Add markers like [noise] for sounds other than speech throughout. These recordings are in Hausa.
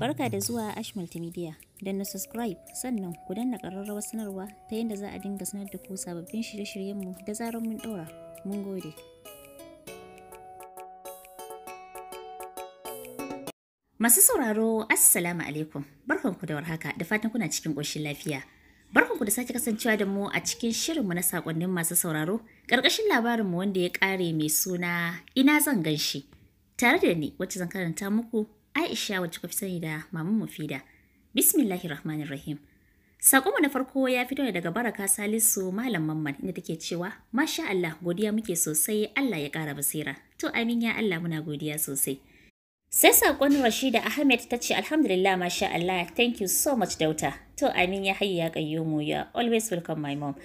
Barka da zuwa Ash Multimedia. Don na subscribe sannan ku danna ƙararrawar sanarwa ta yadda za a dinga sanar da ku sababbin shirye-shiryenmu da zarar mun ɗora. Mun gode. Masu sauraro, Assalamu alaikum. Barkanku da warhaka da fatan kuna cikin ƙoshin lafiya. Barkanku da sake kasancewa da mu a cikin shirinmu na saƙonnin masu sauraro, ƙarƙashin labarinmu wanda ya ƙare mai suna Ina zan ganshi. Tare da ni wacce zan karanta muku Aisha wacce ka fi sani da Mama Mufida. Bismillahir Rahmanir Rahim. Sakonmu na farko ya fito ne daga Baraka Salisu Malam Mamman inda take cewa Masha Allah godiya muke sosai Allah ya ƙara basira. To amin ya Allah muna godiya sosai. Sai sakon Rashida Ahmed ta ce Alhamdulillah Masha Allah thank you so much Dauta. To amin ya hayya ya kayyomo ya always welcome my mom.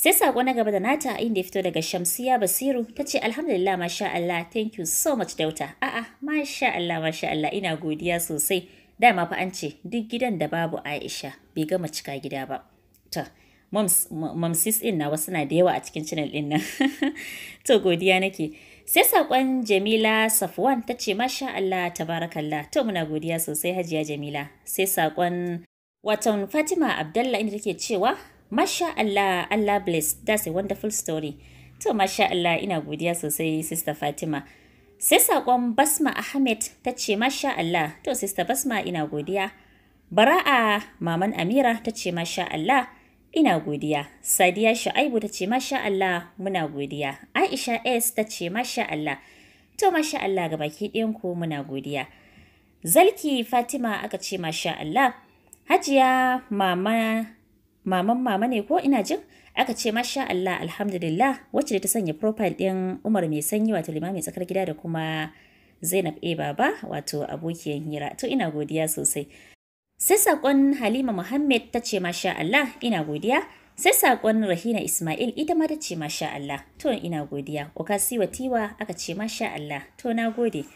Sai sako na gaba da nata inda ya fito daga Shamsiya Basiru ta ce alhamdulillah masha Allah thank you so much Dauta. A'a masha Allah masha Allah ina godiya sosai. Dama fa an ce duk gidan da babu Aisha bai gama cika gida ba. To mamsis din wasu suna da yawa a cikin channel din nan. [laughs] to godiya nake. Sai sakon Jamila Safwan ta ce masha Allah tabarakallah. To muna godiya sosai Hajiya Jamila. Sai sakon watan Fatima Abdallah inda take cewa Masha Allah, Allah bless. That's a wonderful story. To Masha Allah, ina godiya sosai Sister Fatima. Sai saƙon Basma Ahmed ta ce Masha Allah, to Sister Basma ina godiya. Bara'a Maman Amira ta ce Masha Allah, ina godiya. Sadiya Shu'aibu ta ce Masha Allah, muna godiya. Aisha S ta ce Masha Allah. To Masha Allah ga baki ku muna godiya. Zalki Fatima aka ce Masha Allah. Hajiya Mama maman mama ne ko ina jin aka ce masha Allah alhamdulillah wacce da ta sanya profile ɗin Umar mai sanyi wato limamin tsakar gida da kuma Zainab A baba wato abokiyar hira to ina godiya sosai sai sakon Halima Muhammad ta ce masha Allah ina godiya sai sakon rahina ismail ita ma ta ce masha Allah to ina godiya okasiwa tiwa aka ce masha Allah to na gode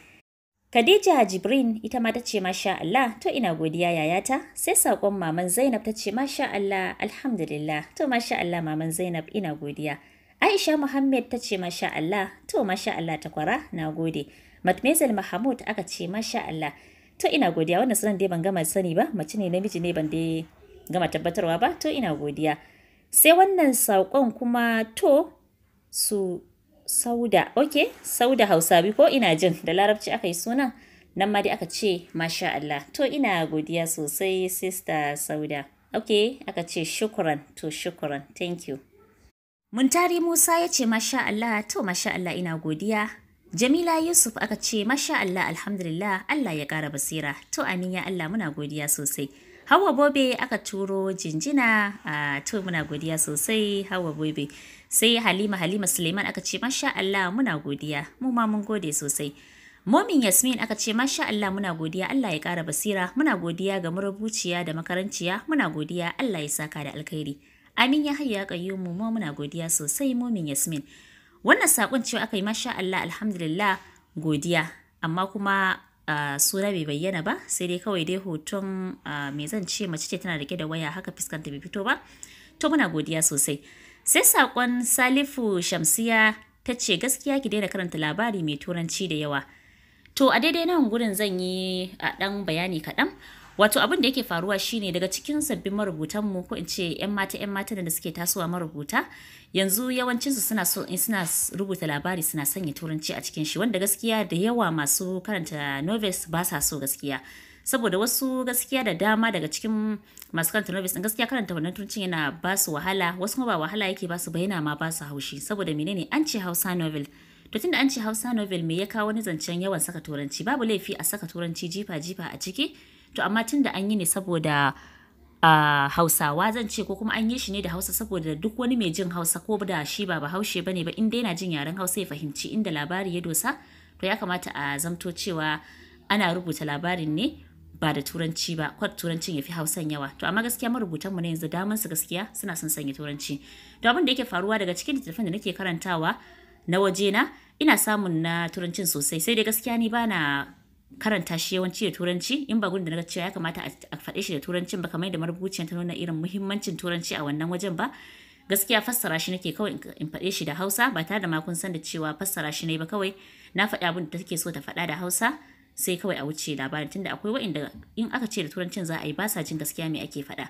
Khadija Jibrin ita ma tace masha Allah to ina godiya yayata sai sakon maman Zainab tace masha Allah alhamdulillah to masha Allah maman Zainab ina godiya Aisha Muhammad tace masha Allah to masha Allah takwara nagode Matmezel Mahmud aka ce masha Allah to ina godiya wannan sunan dai ban gama sani ba mace ne namiji ne ban dai gama tabbatarwa ba to ina godiya sai wannan sakon kuma to su sauda ok sauda bi ko ina jin da larabci aka yi sunan nan ma dai aka ce masha Allah to ina godiya sosai sister sauda ok aka ce shukran to shukran thank you muntari musa ya ce masha Allah to masha Allah ina godiya Jamila Yusuf aka ce masha Allah alhamdulillah Allah ya ƙara basira to amin ya Allah muna godiya sosai Hawa Bobe aka turo jinjina a to muna godiya sosai Hawa Bobe. Sai Halima Halima Suleiman aka ce masha Allah muna godiya mu ma mun gode sosai. Momin Yasmin aka ce masha Allah muna godiya Allah ya kara basira muna godiya ga marubuciya da makaranciya muna godiya Allah ya saka da alkhairi. Amin ya hayya kayyumu mu muna godiya sosai Momin Yasmin. Wannan saƙon cewa aka yi masha Allah alhamdulillah godiya amma kuma suna bai bayyana ba sai dai kawai dai hoton mai zan ce mace ce tana rike da waya haka fuskanta bai fito ba to muna godiya sosai sai sakon salifu shamsiya ta ce gaskiya ki daina karanta labari mai turanci da yawa to a daidai nan gurin zan yi a dan bayani kaɗan wato abin da yake faruwa shine daga cikin sabbin marubutan mu ko in ce yan mata yan mata da suke tasowa marubuta yanzu yawancinsu suna so eh, suna rubuta labari suna sanya turanci a cikin shi wanda gaskiya da yawa masu karanta novels ba sa so gaskiya saboda wasu gaskiya da dama daga cikin masu karanta novels din gaskiya karanta wannan turancin yana ba su wahala wasu kuma ba wahala yake ba su ba ma ba su haushi saboda menene an ce Hausa novel To tunda an ce Hausa novel me ya kawo wani zancen yawan saka turanci babu laifi a saka turanci jifa jifa a ciki to amma tun da an yi ne saboda Uh, hausawa zan ce ko kuma an yi shi ne da hausa saboda duk wani mai jin hausa ko da shi ba bahaushe ba ne ba in dai yana jin yaren hausa ya fahimci inda labari ya dosa to ya kamata a zamto cewa ana rubuta labarin ne ba da turanci ba kwat turancin ya fi hausan yawa to amma gaskiya marubutanmu na yanzu daman su gaskiya suna son sanya turanci to abin da yake faruwa daga cikin littattafan da nake karantawa na wajena ina samun na turancin sosai sai dai gaskiya ni bana karanta shi yawanci da turanci in ba gudun da naga cewa ya kamata a faɗe shi da turancin ba kamar da marubuciyar ta nuna irin muhimmancin turanci a wannan wajen ba gaskiya fassara shi nake kawai in faɗe shi da Hausa ba tare da ma kun san da cewa fassara shi ne ba kawai na faɗi abin da take so ta faɗa da Hausa sai kawai a wuce labarin tunda akwai wa'inda in aka ce da turancin za a yi ba sa jin gaskiya me ake faɗa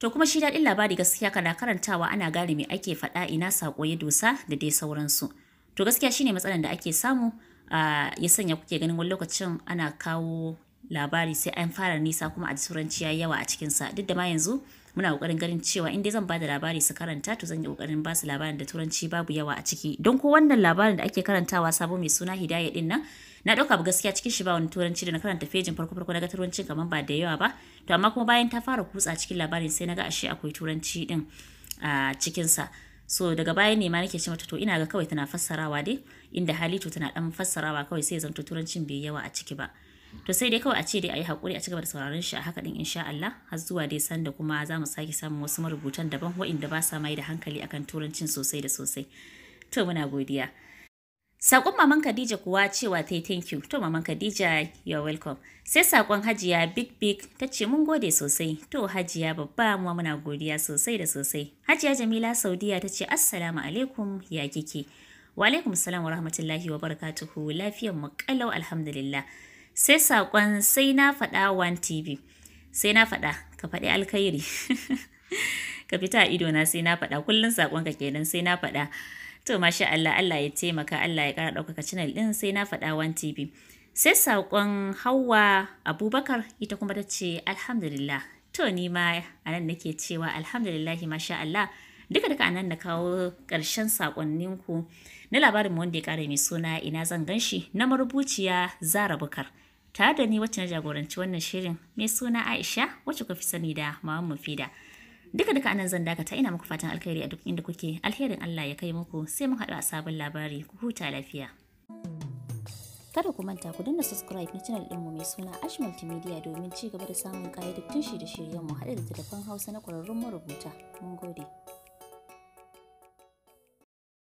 To kuma shi daɗin labari gaskiya kana karantawa ana gane me ake faɗa ina saƙo ya dosa da dai sauransu. To gaskiya shine matsalar da ake samu Ah, ya sanya kuke ganin wani lokacin ana kawo labari sai an fara nisa kuma a ji turanci yayi yawa a cikin duk da ma yanzu muna kokarin ganin cewa in dai zan bada labari su karanta to zan yi kokarin ba su labarin da turanci babu yawa a ciki don ko wannan labarin da ake karantawa sabo mai suna hidaya din nan na dauka bu gaskiya cikin shi ba wani turanci da na karanta fejin farko farko na ga turancin kamar ba da yawa ba to amma kuma bayan ta fara kutsa cikin labarin sai na ga ashe akwai turanci din a ah, cikinsa. sa so daga baya ne ma nake ce mata to ina ga kawai tana fassarawa dai inda hali tana dan fassarawa kawai sai zanto turancin bai yawa a ciki ba to sai dai kawai a ce dai ayi hakuri a cigaba da sauraron shi a haka din insha Allah har zuwa dai da kuma za mu sake samun wasu marubutan daban wa'inda ba sa mai da hankali akan turancin sosai da sosai to muna godiya Sakon Maman Khadija kuwa cewa ta yi thank you, to Maman Khadija you're welcome. Sai sakon Hajiya Big Big ta ce mun gode sosai, to Hajiya babba mu muna godiya sosai da sosai. Hajiya Jamila Saudiya ta ce Assalamu alaikum ya kike. Wa alaikum salam wa rahmatullahi wa barakatuhu lafiyar mu kalau alhamdulillah. Sai sakon sai na faɗa One TV. Sai na faɗa ka faɗi alkhairi. [laughs] ka fita a na sai na faɗa kullum ka kenan sai na faɗa. To masha Allah Allah ya taimaka Allah ya kara ɗaukaka channel ɗin sai na faɗa wan TV. Sai saƙon Hauwa Abubakar ita kuma ta ce alhamdulillah. To ni ma a nan nake cewa alhamdulillah masha Allah. Duka duka anan na kawo ƙarshen saƙonninku na labarin wanda ya kare mai suna ina zan ganshi na marubuciya Zara Bukar. Tare da ni wacce na jagoranci wannan shirin mai suna Aisha wacce ku fi sani da Maman Mufida. duka duka anan zan dakata ina muku fatan alkhairi a duk inda kuke alherin Allah ya kai muku sai mun haɗu a sabon labari ku huta lafiya kada ku manta ku danna subscribe na channel ɗinmu mai suna ash multimedia domin ci gaba da samun ƙayyadattun shirye-shiryenmu haɗe da telefon hausa na ƙwararrun marubuta mun gode